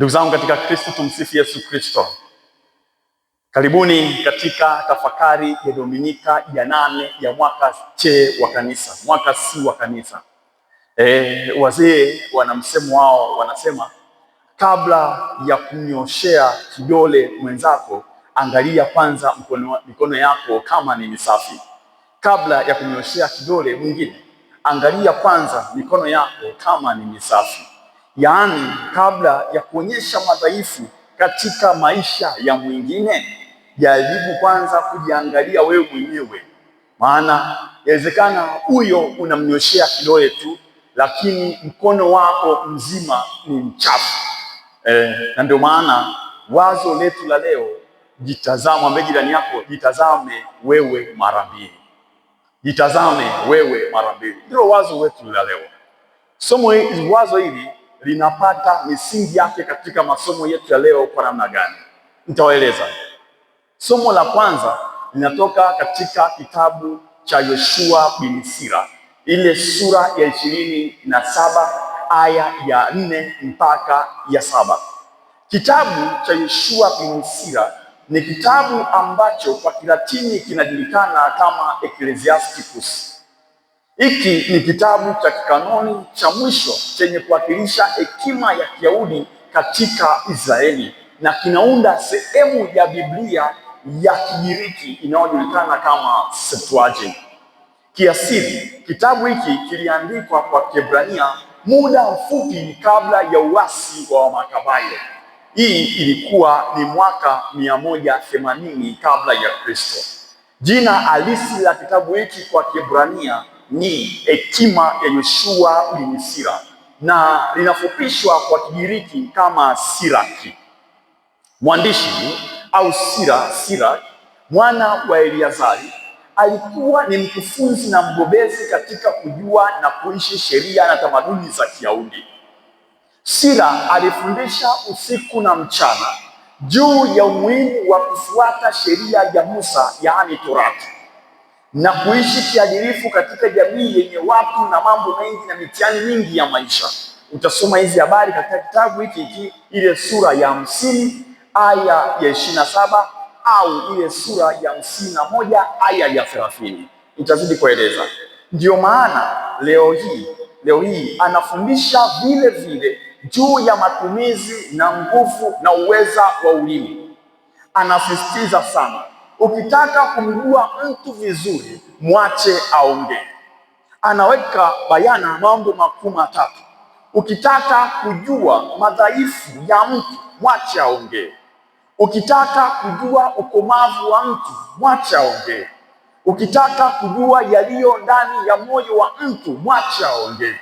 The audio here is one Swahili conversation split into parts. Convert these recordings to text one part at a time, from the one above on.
Ndugu zangu katika Kristo, tumsifu Yesu Kristo. Karibuni katika tafakari ya Dominika ya nane ya mwaka C wa kanisa, mwaka C wa kanisa. E, wazee wana msemo wao, wanasema kabla ya kunyoshea kidole mwenzako angalia kwanza mkono, mikono yako kama ni misafi. Kabla ya kunyoshea kidole mwingine angalia kwanza mikono yako kama ni misafi yaani kabla ya kuonyesha madhaifu katika maisha ya mwingine, jaribu kwanza kujiangalia wewe mwenyewe, maana yawezekana huyo unamnyoshea kidole tu, lakini mkono wako mzima ni mchafu. E, na ndio maana wazo letu la leo, jitazame, ambaye jirani yako, jitazame wewe mara mbili. Jitazame wewe mara mbili, ndio wazo wetu la leo. Somo wazo hili linapata misingi yake katika masomo yetu ya leo kwa namna gani? Nitawaeleza. Somo la kwanza linatoka katika kitabu cha Yoshua bin Sira, ile sura ya ishirini na saba aya ya nne mpaka ya saba. Kitabu cha Yoshua bin Sira ni kitabu ambacho kwa Kilatini kinajulikana kama Ecclesiasticus hiki ni kitabu cha kikanoni cha mwisho chenye kuwakilisha hekima ya Kiyahudi katika Israeli na kinaunda sehemu ya Biblia ya Kigiriki inayojulikana kama Septuagint. Kiasili, kitabu hiki kiliandikwa kwa Kiebrania muda mfupi kabla ya uasi wa Makabayo. Hii ilikuwa ni mwaka 180 kabla ya Kristo. Jina halisi la kitabu hiki kwa Kiebrania ni hekima ya Yoshua bin Sira na linafupishwa kwa Kigiriki kama Siraki. Mwandishi au Sira sira. mwana wa Eliazari, alikuwa ni mkufunzi na mbobezi katika kujua na kuishi sheria na tamaduni za Kiyahudi. Sira alifundisha usiku na mchana juu ya umuhimu wa kufuata sheria ya Musa, yaani Torati na kuishi kiadilifu katika jamii yenye watu na mambo mengi na mitihani mingi ya maisha. Utasoma hizi habari katika kitabu hiki hiki, ile sura ya hamsini aya ya ishirini na saba au ile sura ya hamsini na moja aya ya thelathini. Itazidi kueleza. Ndiyo maana leo hii leo hii anafundisha vile vile juu ya matumizi na nguvu na uweza wa ulimi, anasisitiza sana Ukitaka kumjua mtu vizuri, mwache aongee. Anaweka bayana mambo makuu matatu. Ukitaka kujua madhaifu ya mtu, mwache aongee. Ukitaka kujua ukomavu wa mtu, mwache aongee. Ukitaka kujua yaliyo ndani ya moyo wa mtu, mwache aongee.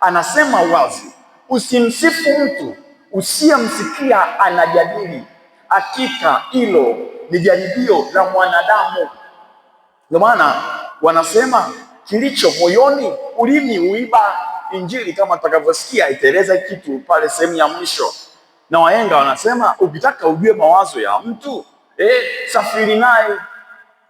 Anasema wazi, usimsifu mtu usiyemsikia anajadili. Hakika hilo ni jaribio la mwanadamu. Ndio maana wanasema kilicho moyoni ulimi uiba Injili kama tutakavyosikia itaeleza kitu pale sehemu ya mwisho, na wahenga wanasema ukitaka ujue mawazo ya mtu eh, safiri naye.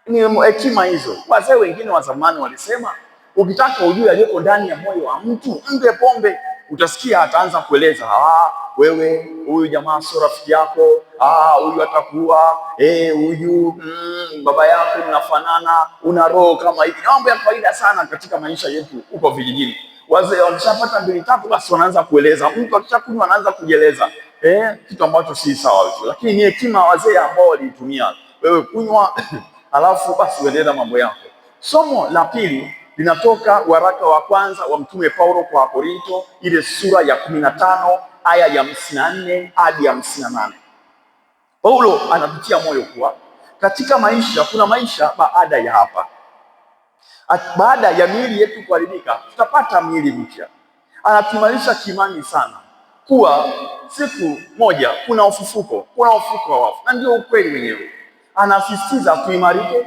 Ni hekima hizo. Wazee wengine wa zamani walisema ukitaka ujue aliyoko ndani ya moyo wa mtu mpe pombe, utasikia ataanza kueleza ah wewe, huyu jamaa sio rafiki yako, ah, huyu atakuua, eh, huyu mm, baba yako mnafanana, una roho kama hivi, mambo ya kawaida sana katika maisha yetu huko vijijini. Wazee wakishapata mbili tatu, basi wanaanza kueleza, mtu akishakunywa anaanza kujieleza eh, kitu ambacho si sawa hicho, lakini ni hekima wazee ambao waliitumia. Wewe kunywa alafu basi uendelea mambo yako. Somo la pili linatoka waraka wa kwanza wa Mtume Paulo kwa Korinto, ile sura ya kumi na tano aya ya hamsini na nne hadi ya hamsini na nane Paulo anapitia moyo kuwa katika maisha kuna maisha baada ya hapa. At, baada ya miili yetu kuharibika tutapata miili mpya. Anatumanisha kimani sana kuwa siku moja kuna ufufuko, kuna ufufuko wa wafu, na ndio ukweli wenyewe. Anasisitiza tuimarike,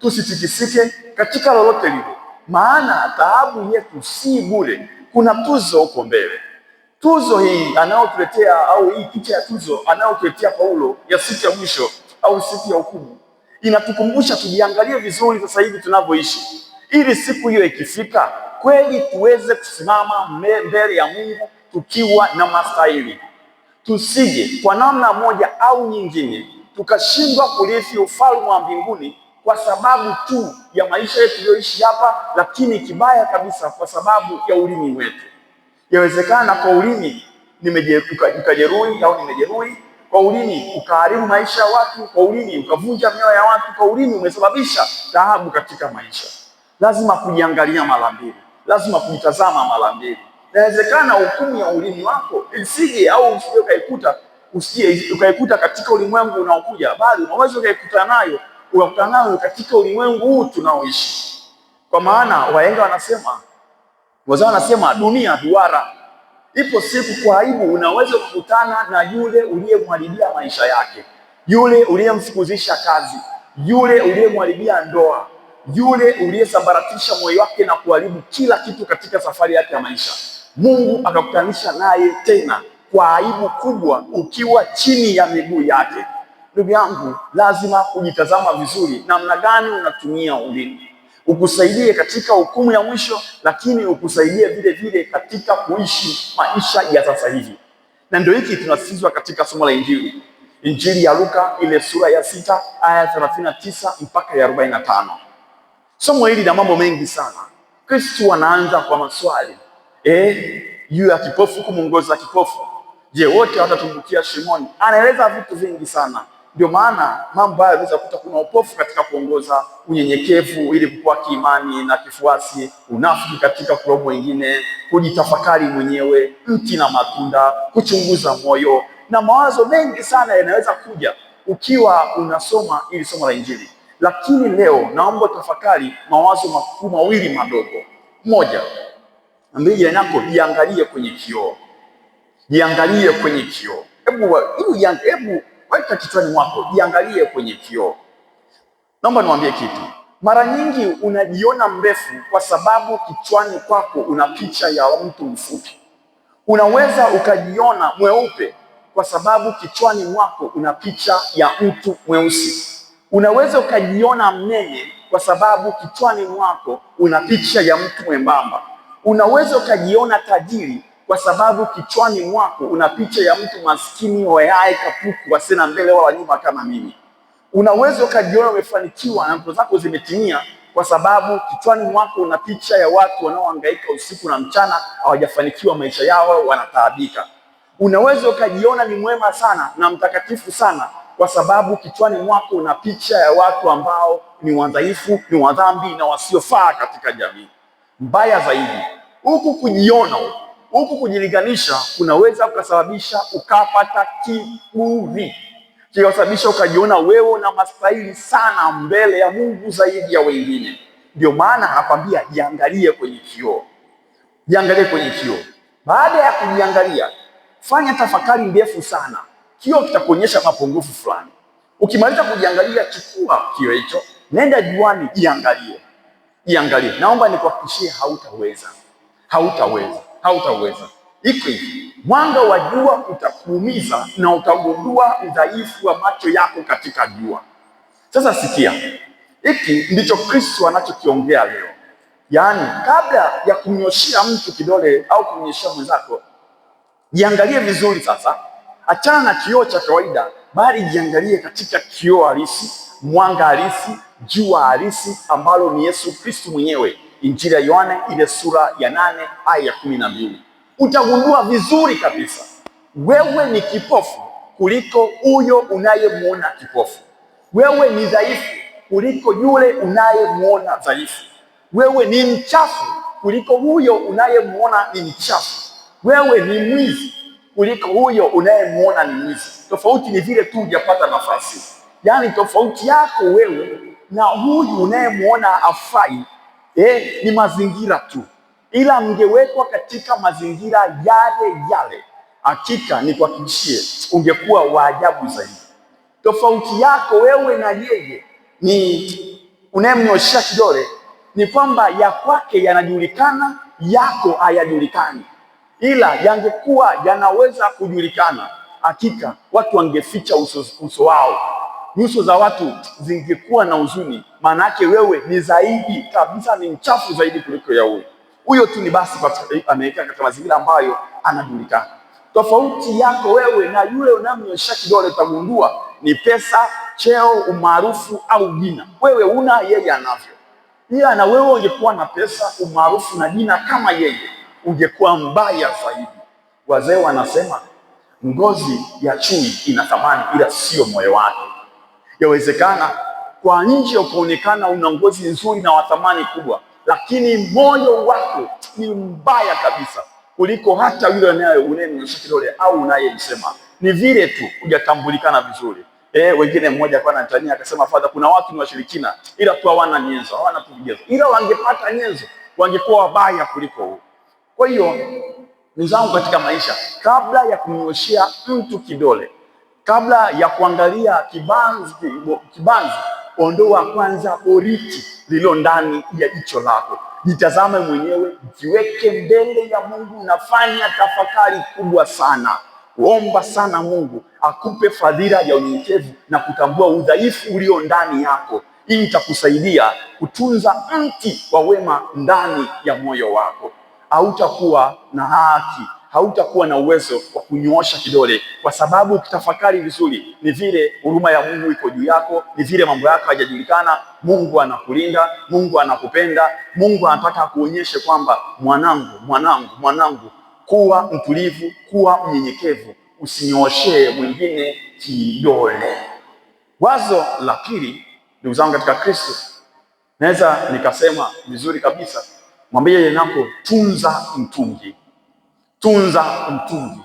tusitikisike katika lolote lile, maana taabu yetu si bure, kuna tuzo huko mbele. Tuzo hii anayotuletea au hii picha ya tuzo anayotuletea Paulo ya siku ya mwisho au siku ya hukumu inatukumbusha tujiangalie vizuri sasa hivi tunavyoishi, ili siku hiyo ikifika kweli tuweze kusimama mbele ya Mungu tukiwa na mastahili, tusije kwa namna moja au nyingine tukashindwa kurithi ufalme wa mbinguni kwa sababu tu ya maisha yetu tuliyoishi hapa, lakini kibaya kabisa kwa sababu ya ulimi wetu. Yawezekana kwa ulimi nikajeruhi au nimejeruhi kwa ulimi, ukaharibu maisha ya watu kwa ulimi, ukavunja mioyo ya watu kwa ulimi, umesababisha taabu katika maisha. Lazima kujiangalia mara mbili, lazima kujitazama mara mbili. Inawezekana hukumu ya ulimi wako isije au usije ukaikuta usije ukaikuta katika ulimwengu unaokuja, bali unaweza ukaikuta nayo unakutana nayo katika ulimwengu huu tunaoishi, kwa maana wahenga wanasema Wazao wanasema dunia duara, ipo siku kwa aibu unaweza kukutana na yule uliyemharibia maisha yake, yule uliyemfukuzisha kazi, yule uliyemharibia ndoa, yule uliyesambaratisha moyo wake na kuharibu kila kitu katika safari yake ya maisha. Mungu akakutanisha naye tena kwa aibu kubwa, ukiwa chini ya miguu yake. Ndugu yangu, lazima kujitazama vizuri, namna gani unatumia ulimi ukusaidie katika hukumu ya mwisho, lakini ukusaidie vile vile katika kuishi maisha ya sasa hivi. Na ndio hiki tunasizwa katika somo la Injili, Injili ya Luka ile sura ya sita aya thelathini na tisa mpaka ya arobaini na tano. Somo hili na mambo mengi sana. Kristu anaanza kwa maswali eh, juu ya kipofu, kumwongoza kipofu. Je, wote watatumbukia shimoni? Anaeleza vitu vingi sana ndio maana mambo haya unaweza kukuta kuna upofu katika kuongoza, unyenyekevu ili kukua kiimani na kifuasi, unafiki katika kulomo wengine, kujitafakari mwenyewe, mti na matunda, kuchunguza moyo na mawazo mengi sana yanaweza kuja ukiwa unasoma ili somo la Injili. Lakini leo naomba tafakari mawazo makuu mawili madogo. Moja, ambie yako, jiangalie kwenye kioo, jiangalie kwenye kioo. Hebu hebu weka kichwani mwako, jiangalie kwenye kioo. Naomba niwaambie kitu. Mara nyingi unajiona mrefu kwa sababu kichwani kwako una picha ya mtu mfupi. Unaweza ukajiona mweupe kwa sababu kichwani mwako una picha ya mtu mweusi. Unaweza ukajiona mnene kwa sababu kichwani mwako una picha ya mtu mwembamba. Unaweza ukajiona tajiri kwa sababu kichwani mwako una picha ya mtu maskini oyae kapuku asina mbele wala nyuma kama mimi. Unaweza ukajiona umefanikiwa na ndoto zako zimetimia kwa sababu kichwani mwako una picha ya watu wanaohangaika usiku na mchana, hawajafanikiwa maisha yao, wanataabika. Unaweza ukajiona ni mwema sana na mtakatifu sana kwa sababu kichwani mwako una picha ya watu ambao ni wadhaifu, ni wadhambi na wasiofaa katika jamii. Mbaya zaidi, huku kujiona huku kujilinganisha kunaweza kukasababisha ukapata kiburi kikasababisha ukajiona wewe una mastahili sana mbele ya Mungu zaidi ya wengine. Ndio maana anakwambia jiangalie kwenye kioo, jiangalie kwenye kioo. Baada ya kujiangalia, fanya tafakari ndefu sana. Kioo kitakuonyesha mapungufu fulani. Ukimaliza kujiangalia, chukua kioo hicho, nenda juani, jiangalie, jiangalie. Naomba nikuhakikishie, hautaweza, hautaweza hautaweza. Iko hivi, mwanga wa jua utakuumiza na utagundua udhaifu wa macho yako katika jua. Sasa sikia, hiki ndicho Kristo anachokiongea leo. Yaani, kabla ya kunyoshia mtu kidole au kunyoshia mwenzako, jiangalie vizuri. Sasa achana na kioo cha kawaida, bali jiangalie katika kioo halisi, mwanga halisi, jua halisi ambalo ni Yesu Kristo mwenyewe. Injili ya Yohane ile sura ya nane aya ya kumi na mbili utagundua vizuri kabisa wewe ni kipofu kuliko huyo unayemuona kipofu. Wewe ni dhaifu kuliko yule unayemuona dhaifu. Wewe ni mchafu kuliko huyo unayemuona ni mchafu. Wewe ni mwizi kuliko huyo unayemuona ni mwizi. Tofauti ni vile tu hujapata nafasi, yaani tofauti yako wewe na huyu unayemuona afai eh, ni mazingira tu, ila mngewekwa katika mazingira yale yale, hakika nikuhakikishie, ungekuwa wa ajabu zaidi. Tofauti yako wewe na yeye ni unayemnyoshea kidole ni kwamba ya kwake yanajulikana, yako hayajulikani, ila yangekuwa yanaweza kujulikana, hakika watu wangeficha uso, uso wao nyuso za watu zingekuwa na huzuni, maana yake wewe ni zaidi kabisa, ni mchafu zaidi kuliko ya huyo huyo tu. Ni basi ameweka katika mazingira ambayo anajulikana. Tofauti yako wewe na yule unamnyosha kidole, utagundua ni pesa, cheo, umaarufu au jina. Wewe una, yeye anavyo. Ila na wewe ungekuwa na pesa, umaarufu na jina kama yeye, ungekuwa mbaya zaidi. Wazee wanasema ngozi ya chui ina thamani, ila sio moyo wake. Yawezekana kwa nje ukaonekana una ngozi nzuri na wathamani kubwa, lakini moyo wako ni mbaya kabisa kuliko hata yule anaye unayemnyoshea kidole au unayemsema. Ni vile tu hujatambulikana vizuri. Eh, wengine mmoja kwa Tanzania akasema, fadha, kuna watu ni washirikina ila tu hawana nyenzo, hawana vigezo, ila wangepata nyenzo wangekuwa wabaya kuliko huo. Kwa hiyo ndugu zangu, katika maisha, kabla ya kumnyoshea mtu kidole Kabla ya kuangalia kibanzi, kibanzi ondoa kwanza boriti lilo ndani ya jicho lako. Jitazame mwenyewe, jiweke mbele ya Mungu, nafanya tafakari kubwa sana. Omba sana Mungu akupe fadhila ya unyenyekevu na kutambua udhaifu ulio ndani yako. Hii itakusaidia kutunza mti wa wema ndani ya moyo wako. Hautakuwa na haki hautakuwa na uwezo wa kunyoosha kidole, kwa sababu ukitafakari vizuri, ni vile huruma ya Mungu iko juu yako, ni vile mambo yako hayajajulikana. Mungu anakulinda, Mungu anakupenda, Mungu anataka akuonyeshe kwamba mwanangu, mwanangu, mwanangu, kuwa mtulivu, kuwa mnyenyekevu, usinyooshee mwingine kidole. Wazo la pili, ndugu zangu katika Kristo, naweza nikasema vizuri kabisa, mwambie yenako, tunza mtungi tunza mtungi,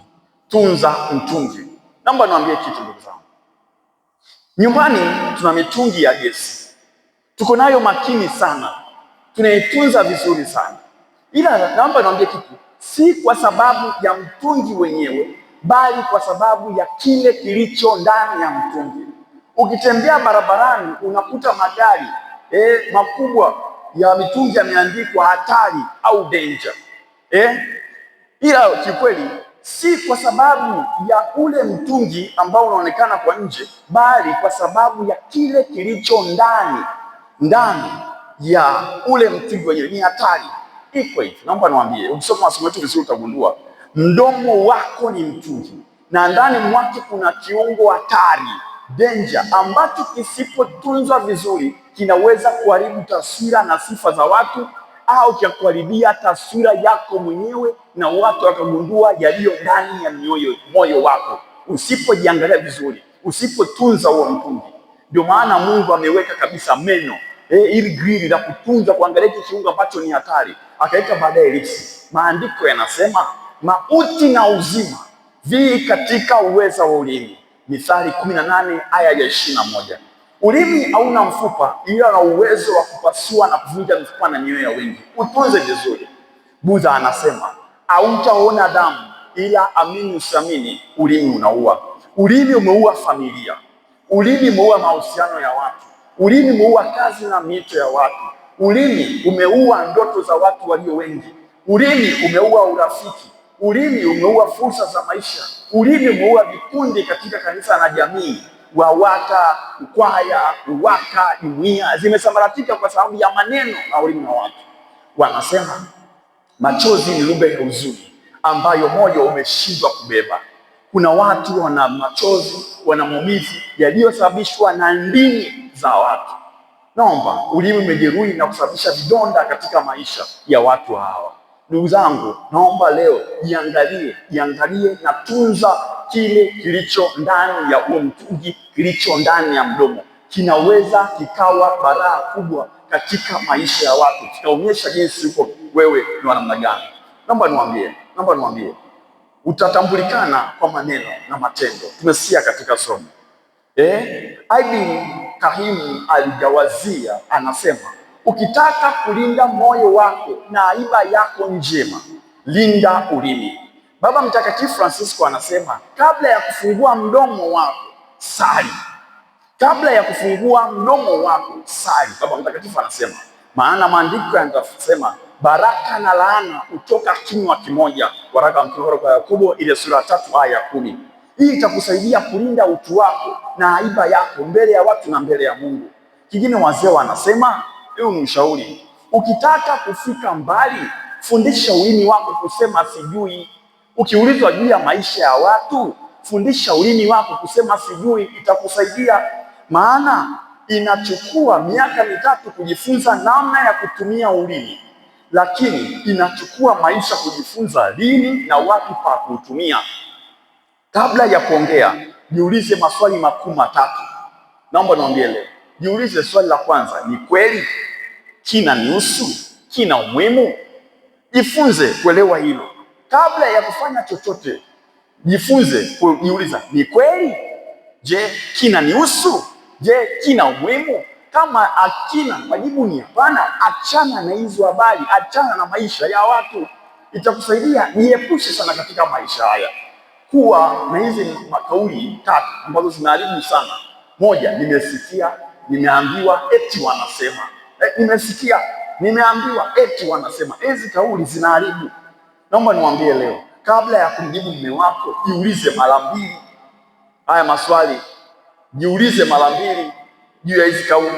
tunza mtungi. Naomba niwaambie kitu ndugu zangu, nyumbani tuna mitungi ya gesi, tuko nayo makini sana, tunaitunza vizuri sana, ila naomba niwaambie kitu, si kwa sababu ya mtungi wenyewe, bali kwa sababu ya kile kilicho ndani ya mtungi. Ukitembea barabarani unakuta magari eh, makubwa ya mitungi yameandikwa hatari au danger eh? ila kiukweli si kwa sababu ya ule mtungi ambao unaonekana kwa nje, bali kwa sababu ya kile kilicho ndani ndani ya ule mtungi wenyewe. Ni hatari iko hivi. Naomba niwaambie, ukisoma masomo yetu vizuri utagundua mdomo wako ni mtungi na ndani mwake kuna kiungo hatari denja, ambacho kisipotunzwa vizuri kinaweza kuharibu taswira na sifa za watu au kuharibia taswira yako mwenyewe na watu wakagundua yaliyo ndani ya mioyo moyo wako, usipojiangalia vizuri, usipotunza huo mtungi. Ndio maana Mungu ameweka kabisa meno eh, ili grili la kutunza, kuangalia hiki kiungo ambacho ni hatari, akaweka baadaye lipsi. Maandiko yanasema mauti na uzima vi katika uweza wa ulimi, Mithali kumi na nane aya ya ishirini na moja. Ulimi hauna mfupa ila na uwezo wa kupasua na kuvunja mifupa na mioyo ya wengi. Utunze vizuri. Budha anasema hautaona damu, ila amini usiamini, ulimi unaua. Ulimi umeua familia, ulimi umeua mahusiano ya watu, ulimi umeua kazi na mito ya watu, ulimi umeua ndoto za watu walio wengi, ulimi umeua urafiki, ulimi umeua fursa za maisha, ulimi umeua vikundi katika kanisa na jamii. WAWATA, UKWAYA, UWAKA, jumuia zimesambaratika kwa sababu ya maneno na ulimi wa watu wanasema Machozi ni lugha ya huzuni ambayo moyo umeshindwa kubeba. Kuna watu wana machozi, wana maumivu yaliyosababishwa na ndimi za watu. Naomba, ulimi umejeruhi na kusababisha vidonda katika maisha ya watu hawa. Ndugu zangu, naomba leo jiangalie, jiangalie na tunza kile kilicho ndani ya huo mtungi, kilicho ndani ya mdomo. Kinaweza kikawa baraa kubwa katika maisha ya watu, kikaonyesha jinsi uko wewe ni wa namna gani? Naomba niwaambie, naomba niwaambie, utatambulikana kwa maneno na matendo. Tumesikia katika somo eh, Ibn Qayyim al anasema ukitaka kulinda moyo wako na aiba yako njema, linda ulimi. Baba Mtakatifu Francisco anasema kabla ya kufungua mdomo wako sali, kabla ya kufungua mdomo wako sali. Baba Mtakatifu anasema maana maandiko yanasema baraka na laana kutoka kinywa kimoja. Waraka wa Mtume kwa Yakobo ile sura ya tatu aya ya kumi. Hii itakusaidia kulinda utu wako na aiba yako mbele ya watu na mbele ya Mungu. Kingine wazee wanasema, huu ni ushauri, ukitaka kufika mbali, fundisha ulimi wako kusema sijui. Ukiulizwa juu ya maisha ya watu, fundisha ulimi wako kusema sijui, itakusaidia maana inachukua miaka mitatu kujifunza namna ya kutumia ulimi lakini inachukua maisha kujifunza lini na wapi pa kuutumia. Kabla ya kuongea, jiulize maswali makuu matatu. Naomba niambie leo, jiulize swali la kwanza, ni kweli? Kina nusu Kina umuhimu? Jifunze kuelewa hilo kabla ya kufanya chochote. Jifunze kujiuliza, ni kweli? Je, kina nihusu? Je, kina umuhimu? Kama akina majibu ni hapana, achana na hizo habari, achana na maisha ya watu, itakusaidia niepushe sana katika maisha haya. Kuwa na hizi makauli tatu ambazo zinaharibu sana. Moja, nimesikia, nimeambiwa, eti wanasema e, nimesikia, nimeambiwa, eti wanasema. Hizi kauli zinaharibu. Naomba niwaambie leo, kabla ya kumjibu mume wako, jiulize mara mbili haya maswali, jiulize mara mbili juu ya hizi kauli.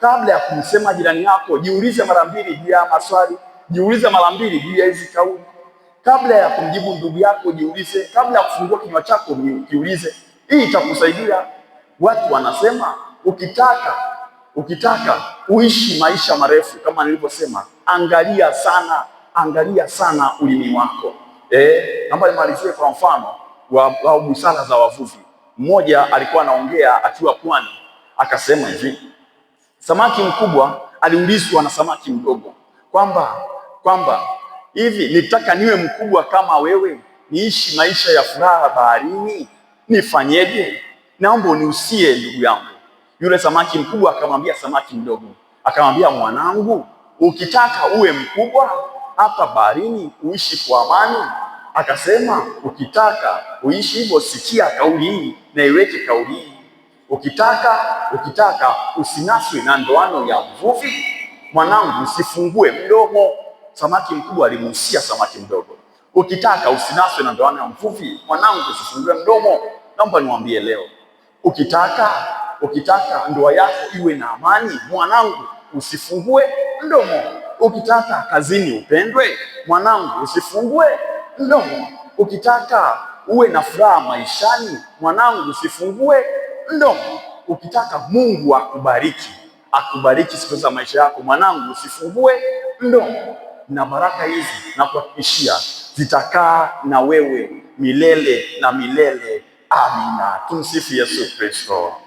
Kabla ya kumsema jirani yako, jiulize mara mbili juu ya maswali, jiulize mara mbili juu ya hizi kauli. Kabla ya kumjibu ndugu yako, jiulize. Kabla ya kufungua kinywa chako, jiulize. Hii itakusaidia. Watu wanasema ukitaka ukitaka uishi maisha marefu, kama nilivyosema, angalia sana, angalia sana ulimi wako. Eh, naomba nimalizie kwa mfano wa, wa busara za wavuvi. Mmoja alikuwa anaongea akiwa pwani akasema hivi, samaki mkubwa aliulizwa na samaki mdogo kwamba kwamba hivi, nitaka niwe mkubwa kama wewe, niishi maisha ya furaha baharini, nifanyeje? Naomba uniusie ndugu yangu. Yule samaki mkubwa akamwambia samaki mdogo, akamwambia mwanangu, ukitaka uwe mkubwa hapa baharini, uishi kwa amani, akasema ukitaka uishi hivyo, sikia kauli hii na iweke kauli hii Ukitaka ukitaka usinaswi na ndoano ya mvuvi, mwanangu usifungue mdomo. Samaki mkubwa alimuhusia samaki mdogo. Ukitaka usinaswe na ndoano ya mvuvi, mwanangu usifungue mdomo. Naomba niwaambie leo, ukitaka ukitaka ndoa yako iwe na amani, mwanangu usifungue mdomo. Ukitaka kazini upendwe, mwanangu usifungue mdomo. Ukitaka uwe na furaha maishani, mwanangu usifungue mno. Ukitaka Mungu akubariki, akubariki siku za maisha yako, mwanangu, usifungue mdomo, na baraka hizi na kuhakikishia zitakaa na wewe milele na milele. Amina. Tumsifu Yesu Kristo.